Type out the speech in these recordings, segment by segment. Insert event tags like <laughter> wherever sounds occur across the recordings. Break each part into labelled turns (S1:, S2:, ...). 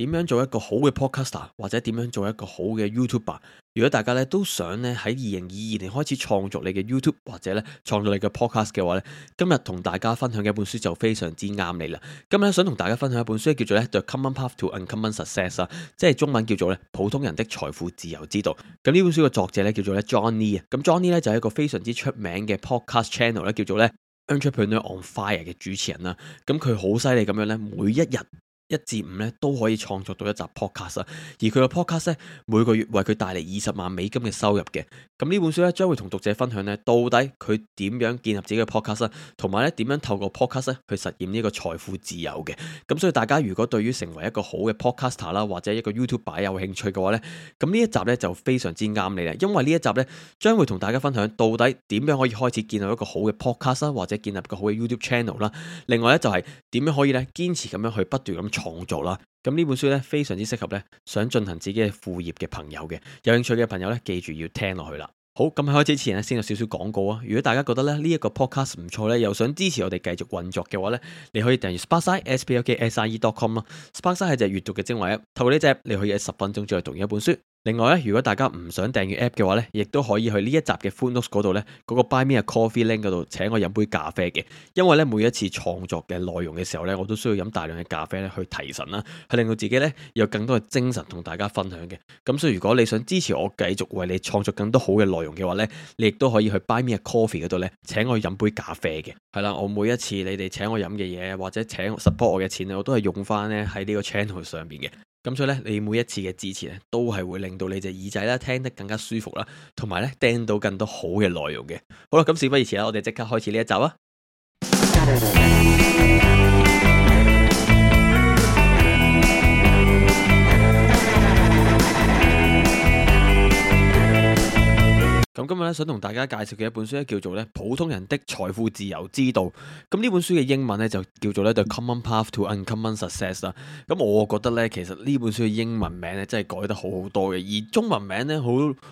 S1: 點樣做一個好嘅 podcaster，或者點樣做一個好嘅 YouTuber？如果大家咧都想咧喺二零二二年開始創作你嘅 YouTube 或者咧創作你嘅 podcast 嘅話咧，今日同大家分享嘅一本書就非常之啱你啦。今日想同大家分享一本書，叫做咧《The Common Path to Uncommon Success》啊，即係中文叫做咧《普通人的財富自由之道》。咁呢本書嘅作者咧叫做咧 Johnny 啊，咁 Johnny 咧就係一個非常之出名嘅 podcast channel 咧，叫做咧《Entrepreneur on Fire》嘅主持人啦。咁佢好犀利咁樣咧，每一日。一至五咧都可以創作到一集 podcast 而佢嘅 podcast 每個月為佢帶嚟二十萬美金嘅收入嘅。咁呢本書咧將會同讀者分享呢到底佢點樣建立自己嘅 podcast 同埋咧點樣透過 podcast 去實現呢個財富自由嘅。咁所以大家如果對於成為一個好嘅 podcaster 啦，或者一個 YouTube 仔有興趣嘅話呢咁呢一集呢就非常之啱你啦，因為呢一集呢將會同大家分享到底點樣可以開始建立一個好嘅 podcast 或者建立一個好嘅 YouTube channel 啦。另外呢，就係點樣可以呢堅持咁樣去不斷咁。創作啦，咁呢本書咧非常之適合咧想進行自己嘅副業嘅朋友嘅，有興趣嘅朋友咧記住要聽落去啦。好，咁喺開始之前咧先有少少廣告啊。如果大家覺得咧呢一個 podcast 唔錯咧，又想支持我哋繼續運作嘅話咧，你可以訂閱 Sparkside, s p a r s i e s p l k s i d e c o m 咯。Sparkside 係隻閱讀嘅精華 app，透過呢隻你可以喺十分鐘之內讀完一本書。另外咧，如果大家唔想訂閱 app 嘅話咧，亦都可以去呢一集嘅 Food Notes 嗰度咧，嗰、嗰個 Buy Me a Coffee link 嗰度，請我飲杯咖啡嘅。因為咧，每一次創作嘅內容嘅時候咧，我都需要飲大量嘅咖啡咧去提神啦，去令到自己咧有更多嘅精神同大家分享嘅。咁所以如果你想支持我繼續為你創作更多好嘅內容嘅話咧，你亦都可以去 Buy Me a Coffee 嗰度咧，請我飲杯咖啡嘅。係啦，我每一次你哋請我飲嘅嘢，或者請 support 我嘅錢咧，我都係用翻咧喺呢個 channel 上邊嘅。咁所以咧，你每一次嘅支持咧，都係會令到你隻耳仔啦聽得更加舒服啦，同埋咧，聽到更多好嘅內容嘅。好啦，咁事不宜遲啦，我哋即刻開始呢一集啊！ <music> 咁今日咧，想同大家介紹嘅一本書咧叫做咧普通人的財富自由之道。咁呢本書嘅英文咧就叫做咧 The Common Path to Uncommon Success 啦。咁我覺得咧，其實呢本書嘅英文名咧，真係改得好好多嘅，而中文名咧，好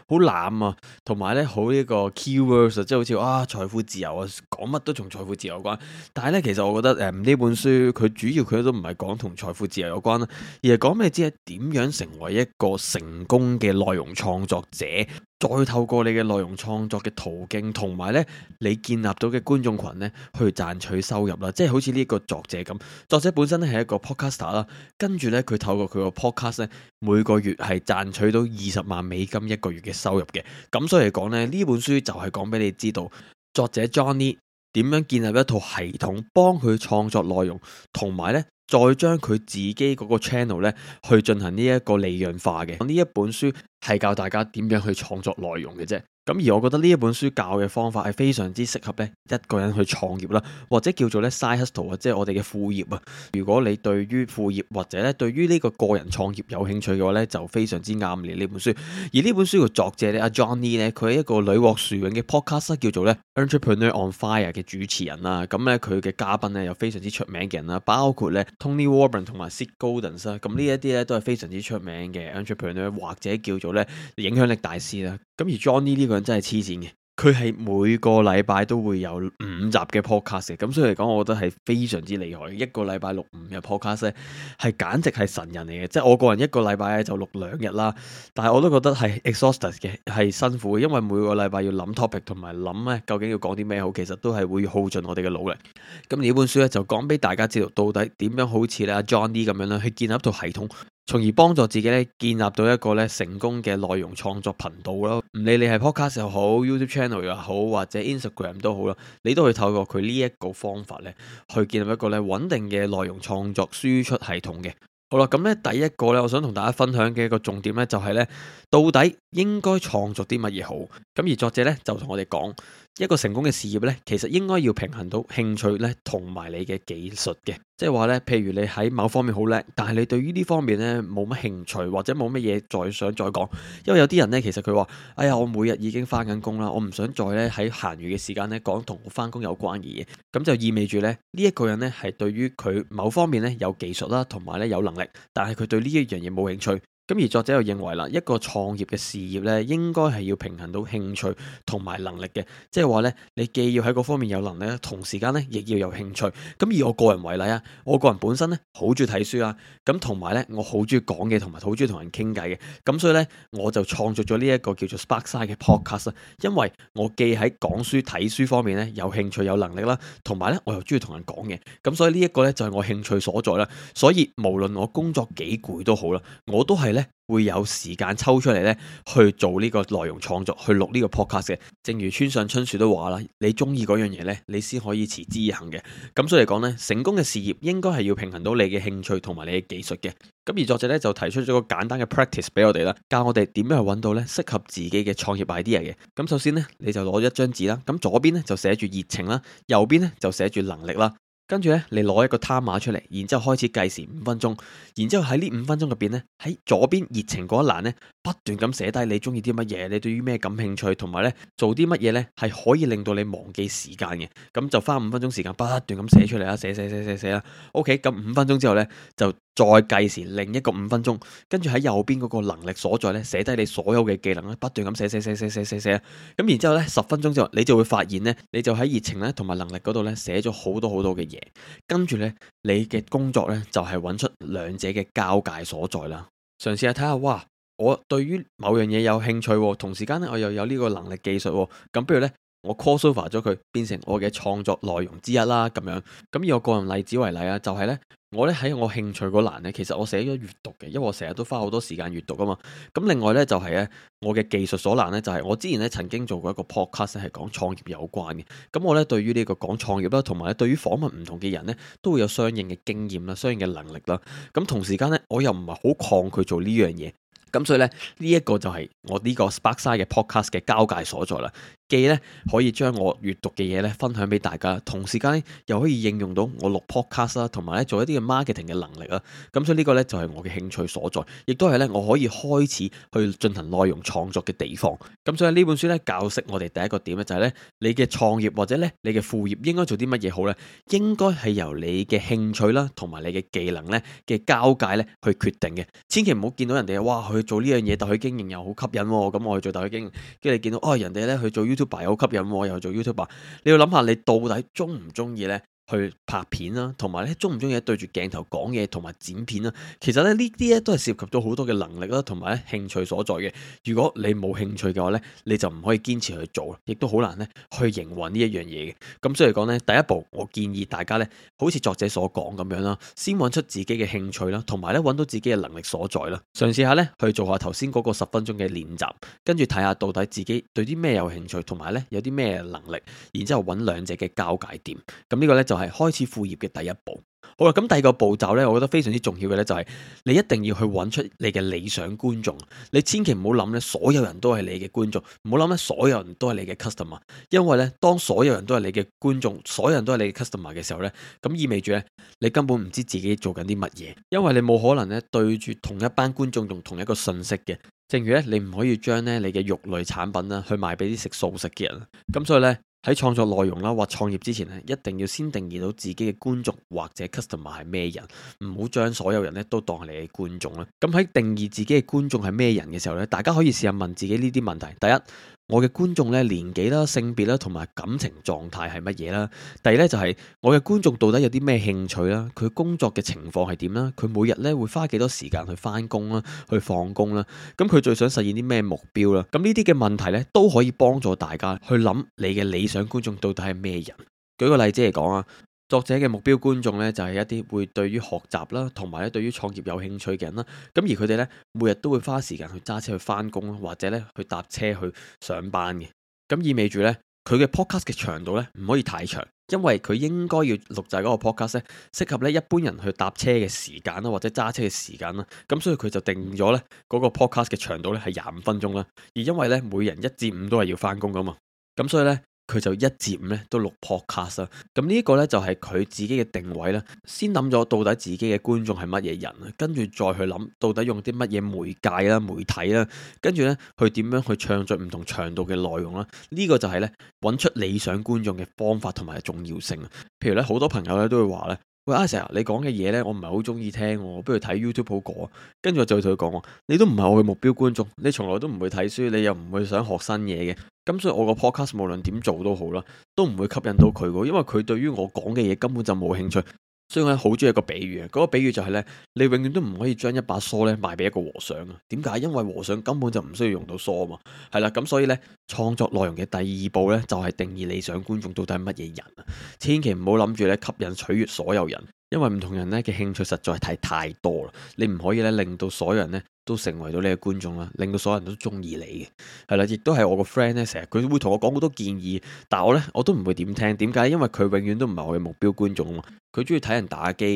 S1: 好濫啊，同埋咧好呢個 keywords，即係好似啊財富自由啊，講乜都同財富自由有關。但係咧，其實我覺得誒呢本書佢主要佢都唔係講同財富自由有關啦，而係講咩？即係點樣成為一個成功嘅內容創作者？再透過你嘅內容創作嘅途徑，同埋呢你建立到嘅觀眾群呢，去賺取收入啦。即係好似呢個作者咁，作者本身呢係一個 podcaster 啦，跟住呢，佢透過佢個 podcast 呢，每個月係賺取到二十萬美金一個月嘅收入嘅。咁所以嚟講呢，呢本書就係講俾你知道，作者 Johnny 點樣建立一套系統，幫佢創作內容，同埋呢。再將佢自己嗰個 channel 咧，去進行呢一個利潤化嘅。咁呢一本書係教大家點樣去創作內容嘅啫。咁而我覺得呢一本書教嘅方法係非常之適合咧一個人去創業啦，或者叫做咧 side hustle 啊，即係我哋嘅副業啊。如果你對於副業或者咧對於呢個個人創業有興趣嘅話咧，就非常之啱你呢本書。而呢本書嘅作者咧，阿 Johnny 咧，佢係一個屢獲殊榮嘅 podcaster，叫做咧 Entrepreneur on Fire 嘅主持人啦。咁咧佢嘅嘉賓咧有非常之出名嘅人啦，包括咧 Tony Warren 同埋 Sid Golden 啦。咁呢一啲咧都係非常之出名嘅 Entrepreneur 或者叫做咧影響力大師啦。咁而 Johnny 呢個真係黐線嘅，佢係每個禮拜都會有五集嘅 podcast 咁所以嚟講，我覺得係非常之厲害，一個禮拜錄五日 podcast 係簡直係神人嚟嘅。即係我個人一個禮拜就錄兩日啦，但係我都覺得係 exhausted 嘅，係辛苦嘅，因為每個禮拜要諗 topic 同埋諗咧究竟要講啲咩好，其實都係會耗盡我哋嘅腦力。咁呢本書咧就講俾大家知道到底點樣好似咧 John Lee 咁樣咧去建立一套系統。從而幫助自己咧建立到一個咧成功嘅內容創作頻道咯，唔理你係 Podcast 又好、YouTube Channel 又好，或者 Instagram 都好啦，你都可以透過佢呢一個方法咧去建立一個咧穩定嘅內容創作輸出系統嘅。好啦，咁咧第一個咧，我想同大家分享嘅一個重點咧，就係咧。到底應該創作啲乜嘢好？咁而作者咧就同我哋講，一個成功嘅事業呢，其實應該要平衡到興趣咧同埋你嘅技術嘅。即係話呢，譬如你喺某方面好叻，但係你對於呢方面呢冇乜興趣或者冇乜嘢再想再講。因為有啲人呢，其實佢話：哎呀，我每日已經翻緊工啦，我唔想再咧喺閒餘嘅時間咧講同我翻工有關嘅嘢。咁就意味住呢，呢一個人呢係對於佢某方面呢有技術啦，同埋咧有能力，但係佢對呢一樣嘢冇興趣。咁而作者又認為啦，一個創業嘅事業咧，應該係要平衡到興趣同埋能力嘅，即係話呢，你既要喺嗰方面有能力，同時間呢亦要有興趣。咁以我個人為例啊，我個人本身呢好中意睇書啊，咁同埋呢我好中意講嘢，同埋好中意同人傾偈嘅。咁所以呢，我就創作咗呢一個叫做 Sparkside 嘅 podcast 啊，因為我既喺講書、睇書方面呢有興趣、有能力啦，同埋呢我又中意同人講嘢，咁所以呢一個呢就係我興趣所在啦。所以無論我工作幾攰都好啦，我都係會有時間抽出嚟咧去做呢個內容創作，去錄呢個 podcast 嘅。正如村上春樹都話啦，你中意嗰樣嘢咧，你先可以持之以恒嘅。咁所以嚟講咧，成功嘅事業應該係要平衡到你嘅興趣同埋你嘅技術嘅。咁而作者咧就提出咗個簡單嘅 practice 俾我哋啦，教我哋點樣去搵到咧適合自己嘅創業 idea 嘅。咁首先咧，你就攞一張紙啦，咁左邊咧就寫住熱情啦，右邊咧就寫住能力啦。跟住咧，你攞一個 timer 出嚟，然之後開始計時五分鐘，然之後喺呢五分鐘入邊咧，喺左邊熱情嗰一欄呢，不斷咁寫低你中意啲乜嘢，你對於咩感興趣，同埋呢做啲乜嘢呢，係可以令到你忘記時間嘅。咁就花五分鐘時間不斷咁寫出嚟啦，寫寫寫寫寫啦。OK，咁五分鐘之後呢，就。再計時另一個五分鐘，跟住喺右邊嗰個能力所在咧，寫低你所有嘅技能咧，不斷咁寫寫寫寫寫寫，咁然之後呢，十分鐘之後你就會發現呢，你就喺熱情呢同埋能力嗰度呢寫咗好多好多嘅嘢，跟住呢，你嘅工作呢就係揾出兩者嘅交界所在啦。嘗試下睇下，哇！我對於某樣嘢有興趣，同時間呢，我又有呢個能力技術，咁不如呢，我 crossover 咗佢，變成我嘅創作內容之一啦，咁樣。咁以我個人例子為例啊，就係呢。我咧喺我興趣嗰欄咧，其實我寫咗閱讀嘅，因為我成日都花好多時間閱讀啊嘛。咁另外咧就係咧，我嘅技術所難咧，就係我之前咧曾經做過一個 podcast 係講創業有關嘅。咁我咧對於呢個講創業啦，同埋咧對於訪問唔同嘅人咧，都會有相應嘅經驗啦、相應嘅能力啦。咁同時間咧，我又唔係好抗拒做呢樣嘢。咁所以咧，呢一個就係我呢個 Sparkside 嘅 podcast 嘅交界所在啦。既咧可以將我閱讀嘅嘢咧分享俾大家，同時間又可以應用到我錄 podcast 啦，同埋咧做一啲嘅 marketing 嘅能力啦。咁所以呢個咧就係我嘅興趣所在，亦都係咧我可以開始去進行內容創作嘅地方。咁所以呢本書咧教識我哋第一個點咧就係咧，你嘅創業或者咧你嘅副業應該做啲乜嘢好咧？應該係由你嘅興趣啦，同埋你嘅技能咧嘅交界咧去決定嘅。千祈唔好見到人哋哇去做呢樣嘢，特許經營又好吸引喎，哦，咁我去做特許經營。跟住見到啊，哦，人哋咧去做 U。YouTube 好吸引我，又做 YouTuber，你要諗下你到底中唔中意咧？去拍片啦，同埋咧中唔中意對住鏡頭講嘢，同埋剪片啦。其實咧呢啲咧都係涉及到好多嘅能力啦，同埋咧興趣所在嘅。如果你冇興趣嘅話咧，你就唔可以堅持去做，亦都好難咧去營運呢一樣嘢嘅。咁所以嚟講咧，第一步我建議大家咧，好似作者所講咁樣啦，先揾出自己嘅興趣啦，同埋咧揾到自己嘅能力所在啦，嘗試下咧去做下頭先嗰個十分鐘嘅練習，跟住睇下到底自己對啲咩有興趣，同埋咧有啲咩能力，然之後揾兩者嘅交界點。咁呢個咧就係。係開始副業嘅第一步好。好啦，咁第二個步驟呢，我覺得非常之重要嘅呢，就係你一定要去揾出你嘅理想觀眾。你千祈唔好諗呢，所有人都係你嘅觀眾，唔好諗呢，所有人都係你嘅 customer。因為呢，當所有人都係你嘅觀眾，所有人都係你嘅 customer 嘅時候呢，咁意味住呢，你根本唔知自己做緊啲乜嘢，因為你冇可能呢，對住同一班觀眾用同一個信息嘅。正如呢，你唔可以將呢，你嘅肉類產品呢去賣俾啲食素食嘅人。咁所以呢。喺創作內容啦，或創業之前呢，一定要先定義到自己嘅觀眾或者 customer 係咩人，唔好將所有人呢都當係你嘅觀眾啦。咁喺定義自己嘅觀眾係咩人嘅時候呢，大家可以試下問自己呢啲問題。第一。我嘅觀眾咧，年紀啦、性別啦同埋感情狀態係乜嘢啦？第二咧就係、是、我嘅觀眾到底有啲咩興趣啦？佢工作嘅情況係點啦？佢每日咧會花幾多時間去翻工啦，去放工啦？咁佢最想實現啲咩目標啦？咁呢啲嘅問題咧都可以幫助大家去諗你嘅理想觀眾到底係咩人？舉個例子嚟講啊。作者嘅目標觀眾呢，就係一啲會對於學習啦，同埋咧對於創業有興趣嘅人啦。咁而佢哋呢，每日都會花時間去揸車去翻工，或者呢去搭車去上班嘅。咁意味住呢，佢嘅 podcast 嘅長度呢唔可以太長，因為佢應該要錄製嗰個 podcast 咧，適合呢一般人去搭車嘅時間啦，或者揸車嘅時間啦。咁所以佢就定咗呢嗰個 podcast 嘅長度呢係廿五分鐘啦。而因為呢，每人一至五都係要翻工噶嘛，咁所以呢。佢就一剪咧都錄 podcast 咁、嗯這個、呢一個咧就係、是、佢自己嘅定位啦，先諗咗到，到底自己嘅觀眾係乜嘢人啦，跟住再去諗到，到底用啲乜嘢媒介啦、媒體啦，跟住呢，去點樣去唱出唔同長度嘅內容啦，呢、這個就係呢，揾出理想觀眾嘅方法同埋重要性啊。譬如呢，好多朋友呢都會話呢：「喂阿成你講嘅嘢呢，我唔係好中意聽，我不如睇 YouTube 好過，啊。跟住我就同佢講你都唔係我嘅目標觀眾，你從來都唔會睇書，你又唔會想學新嘢嘅。咁所以，我個 podcast 無論點做都好啦，都唔會吸引到佢噶，因為佢對於我講嘅嘢根本就冇興趣。所以我好中意一個比喻啊，嗰個比喻就係呢，你永遠都唔可以將一把梳呢賣俾一個和尚啊。點解？因為和尚根本就唔需要用到梳啊嘛。係啦，咁所以呢，創作內容嘅第二步呢，就係定義理想觀眾到底係乜嘢人啊？千祈唔好諗住呢，吸引取悅所有人，因為唔同人呢嘅興趣實在太太多啦，你唔可以呢令到所有人呢，都成為咗你嘅觀眾啦，令到所有人都中意你嘅，係啦，亦都係我個 friend 呢，成日佢會同我講好多建議，但係我呢，我都唔會點聽，點解？因為佢永遠都唔係我嘅目標觀眾啊，佢中意睇人打機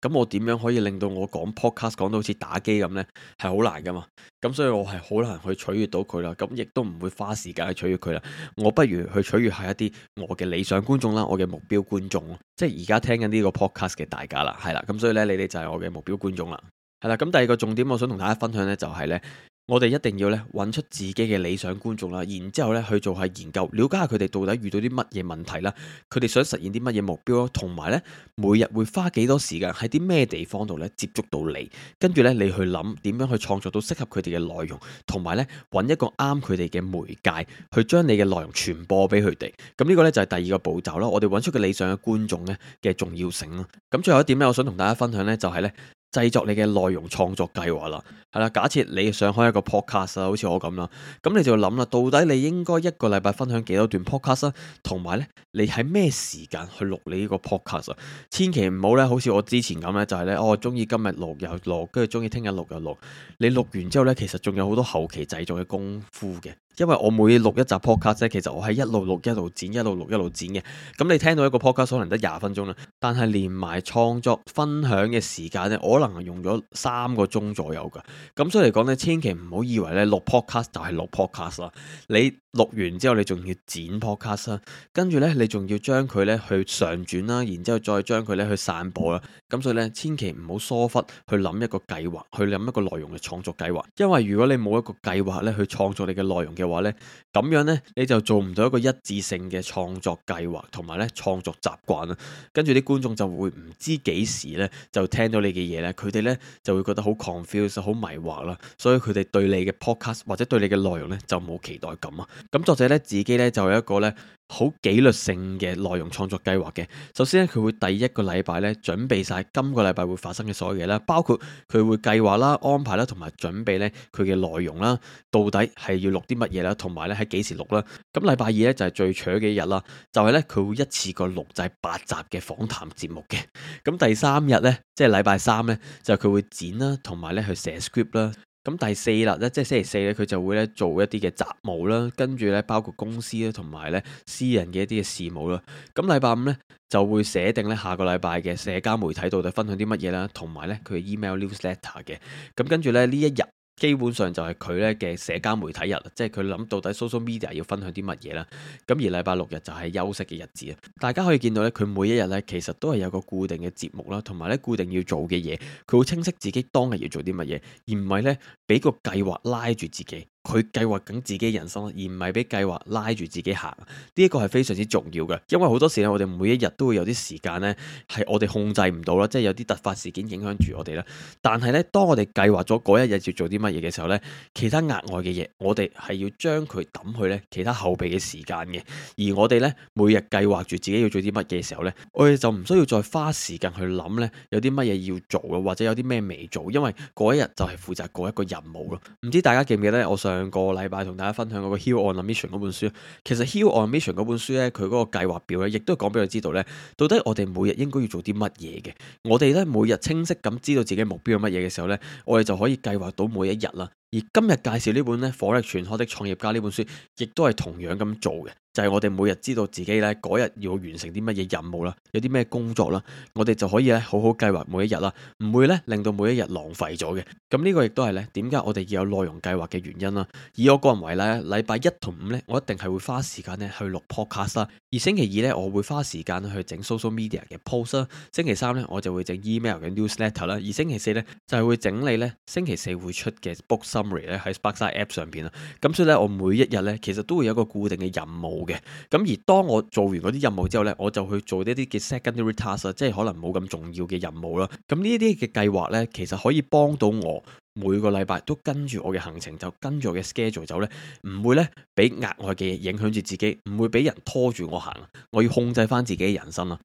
S1: 嘅，咁我點樣可以令到我講 podcast 講到好似打機咁呢？係好難噶嘛，咁所以我係好難去取悦到佢啦，咁亦都唔會花時間去取悦佢啦，我不如去取悦一下一啲我嘅理想觀眾啦，我嘅目標觀眾，即係而家聽緊呢個 podcast 嘅大家啦，係啦，咁所以呢，你哋就係我嘅目標觀眾啦。係啦，咁第二個重點，我想同大家分享呢，就係呢：我哋一定要呢，搵出自己嘅理想觀眾啦，然之後呢去做下研究，了解下佢哋到底遇到啲乜嘢問題啦，佢哋想實現啲乜嘢目標咯，同埋呢每日會花幾多時間喺啲咩地方度呢？接觸到你，跟住呢，你去諗點樣去創作到適合佢哋嘅內容，同埋呢搵一個啱佢哋嘅媒介去將你嘅內容傳播俾佢哋。咁呢個呢，就係第二個步驟啦。我哋搵出個理想嘅觀眾呢嘅重要性咯。咁最後一點呢，我想同大家分享呢，就係呢。製作你嘅內容創作計劃啦，係啦，假設你想開一個 podcast 啦，好似我咁啦，咁你就諗啦，到底你應該一個禮拜分享幾多段 podcast 啊？同埋呢，你喺咩時間去錄你呢個 podcast 啊？千祈唔好呢，好似我之前咁呢，就係呢：哦「我中意今日錄又錄，跟住中意聽日錄又錄。你錄完之後呢，其實仲有好多後期製作嘅功夫嘅，因為我每錄一集 podcast 呢，其實我係一路錄一路剪，一路錄一路剪嘅。咁你聽到一個 podcast 可能得廿分鐘啦，但係連埋創作分享嘅時間呢，我，可能用咗三個鐘左右噶，咁所以嚟講呢，千祈唔好以為呢錄 podcast 就係錄 podcast 啦。你錄完之後，你仲要剪 podcast 啦，跟住呢，你仲要將佢呢去上傳啦，然之後再將佢呢去散播啦。咁所以呢，千祈唔好疏忽去諗一個計劃，去諗一個內容嘅創作計劃。因為如果你冇一個計劃呢去創作你嘅內容嘅話呢，咁樣呢，你就做唔到一個一致性嘅創作計劃同埋呢創作習慣啦。跟住啲觀眾就會唔知幾時呢，就聽到你嘅嘢。佢哋咧就會覺得好 confuse，好迷惑啦，所以佢哋對你嘅 podcast 或者對你嘅內容咧就冇期待感啊。咁作者咧自己咧就有一個咧。好紀律性嘅內容創作計劃嘅，首先咧佢會第一個禮拜咧準備晒今個禮拜會發生嘅所有嘢啦，包括佢會計劃啦、安排啦同埋準備咧佢嘅內容啦，到底係要錄啲乜嘢啦，同埋咧喺幾時錄啦。咁禮拜二咧就係最扯嘅一日啦，就係咧佢會一次過錄晒八集嘅訪談節目嘅。咁第三日咧即係禮拜三咧就係佢會剪啦，同埋咧去寫 script 啦。咁第四日咧，即係星期四咧，佢就會咧做一啲嘅雜務啦，跟住咧包括公司啦同埋咧私人嘅一啲嘅事務啦。咁禮拜五咧就會寫定咧下個禮拜嘅社交媒體到底分享啲乜嘢啦，同埋咧佢 email newsletter 嘅。咁跟住咧呢一日。基本上就係佢呢嘅社交媒體日，即係佢諗到底 social media 要分享啲乜嘢啦。咁而禮拜六日就係休息嘅日子啊。大家可以見到呢，佢每一日呢其實都係有個固定嘅節目啦，同埋呢固定要做嘅嘢。佢好清晰自己當日要做啲乜嘢，而唔係呢俾個計劃拉住自己。佢計劃緊自己人生，而唔係俾計劃拉住自己行。呢一個係非常之重要嘅，因為好多時咧，我哋每一日都會有啲時間呢，係我哋控制唔到啦，即係有啲突發事件影響住我哋啦。但係呢，當我哋計劃咗嗰一日要做啲乜嘢嘅時候呢，其他額外嘅嘢，我哋係要將佢抌去呢其他後備嘅時間嘅。而我哋呢，每日計劃住自己要做啲乜嘢嘅時候呢，我哋就唔需要再花時間去諗呢有啲乜嘢要做咯，或者有啲咩未做，因為嗰一日就係負責嗰一個任務咯。唔知大家記唔記得我上兩個禮拜同大家分享嗰個《Hill on Mission》嗰本書，其實《Hill on Mission》嗰本書呢，佢嗰個計劃表呢，亦都係講俾佢知道呢，到底我哋每日應該要做啲乜嘢嘅。我哋呢，每日清晰咁知道自己目標係乜嘢嘅時候呢，我哋就可以計劃到每一日啦。而今日介紹呢本咧火力全開的創業家呢本書，亦都係同樣咁做嘅，就係、是、我哋每日知道自己咧嗰日要完成啲乜嘢任務啦，有啲咩工作啦，我哋就可以咧好好計劃每一日啦，唔會咧令到每一日浪費咗嘅。咁、這、呢個亦都係咧點解我哋要有內容計劃嘅原因啦。以我個人為例，禮拜一同五咧，我一定係會花時間咧去錄 podcast 而星期二咧，我會花時間去整 social media 嘅 post 啦；星期三咧，我就會整 email 嘅 newsletter 啦；而星期四咧，就係會整理咧星期四會出嘅 bookshop 喺 Sparkside App 上邊啦，咁所以咧我每一日咧其實都會有一個固定嘅任務嘅，咁而當我做完嗰啲任務之後咧，我就去做一啲嘅 secondary task 即係可能冇咁重要嘅任務啦。咁呢啲嘅計劃咧，其實可以幫到我每個禮拜都跟住我嘅行程，就跟住我嘅 schedule 走咧，唔會咧俾額外嘅嘢影響住自己，唔會俾人拖住我行。我要控制翻自己嘅人生啦，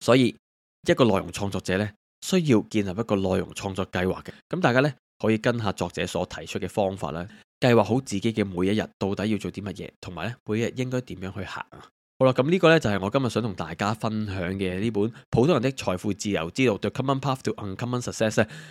S1: 所以一個內容創作者咧需要建立一個內容創作計劃嘅。咁大家咧。可以跟下作者所提出嘅方法咧，計劃好自己嘅每一日到底要做啲乜嘢，同埋咧，每日應該點樣去行啊？好啦，咁呢個呢，就係我今日想同大家分享嘅呢本《普通人的財富自由之路：The Common Path to Uncommon Success》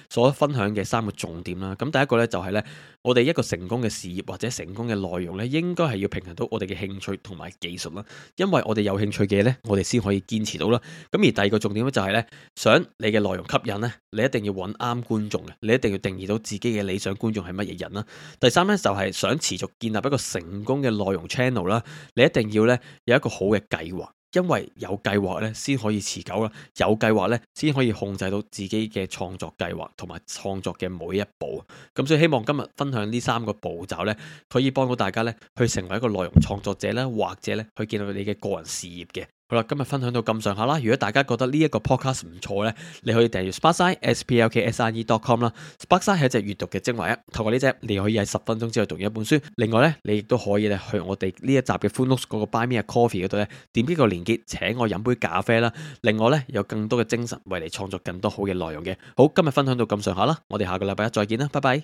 S1: 所分享嘅三個重點啦。咁第一個呢，就係呢，我哋一個成功嘅事業或者成功嘅內容呢，應該係要平衡到我哋嘅興趣同埋技術啦。因為我哋有興趣嘅嘢呢，我哋先可以堅持到啦。咁而第二個重點呢，就係呢，想你嘅內容吸引呢，你一定要揾啱觀眾嘅，你一定要定義到自己嘅理想觀眾係乜嘢人啦。第三呢，就係想持續建立一個成功嘅內容 channel 啦，你一定要呢，有一個好嘅計劃，因為有計劃咧，先可以持久啦。有計劃咧，先可以控制到自己嘅創作計劃同埋創作嘅每一步。咁所以希望今日分享呢三個步驟咧，可以幫到大家咧，去成為一個內容創作者咧，或者咧，去建立你嘅個人事業嘅。好啦，今日分享到咁上下啦。如果大家覺得呢一個 podcast 唔錯呢，你可以訂閱 sparkside s p l k s i e dot com 啦。Sparkside 係一隻閱讀嘅精華一，透過呢隻，你可以喺十分鐘之內讀完一本書。另外呢，你亦都可以咧去我哋呢一集嘅 Full Notes 嗰個 Buy Me a Coffee 嗰度呢，點呢個連結，請我飲杯咖啡啦，令我呢，有更多嘅精神為你創作更多好嘅內容嘅。好，今日分享到咁上下啦，我哋下個禮拜一再見啦，拜拜。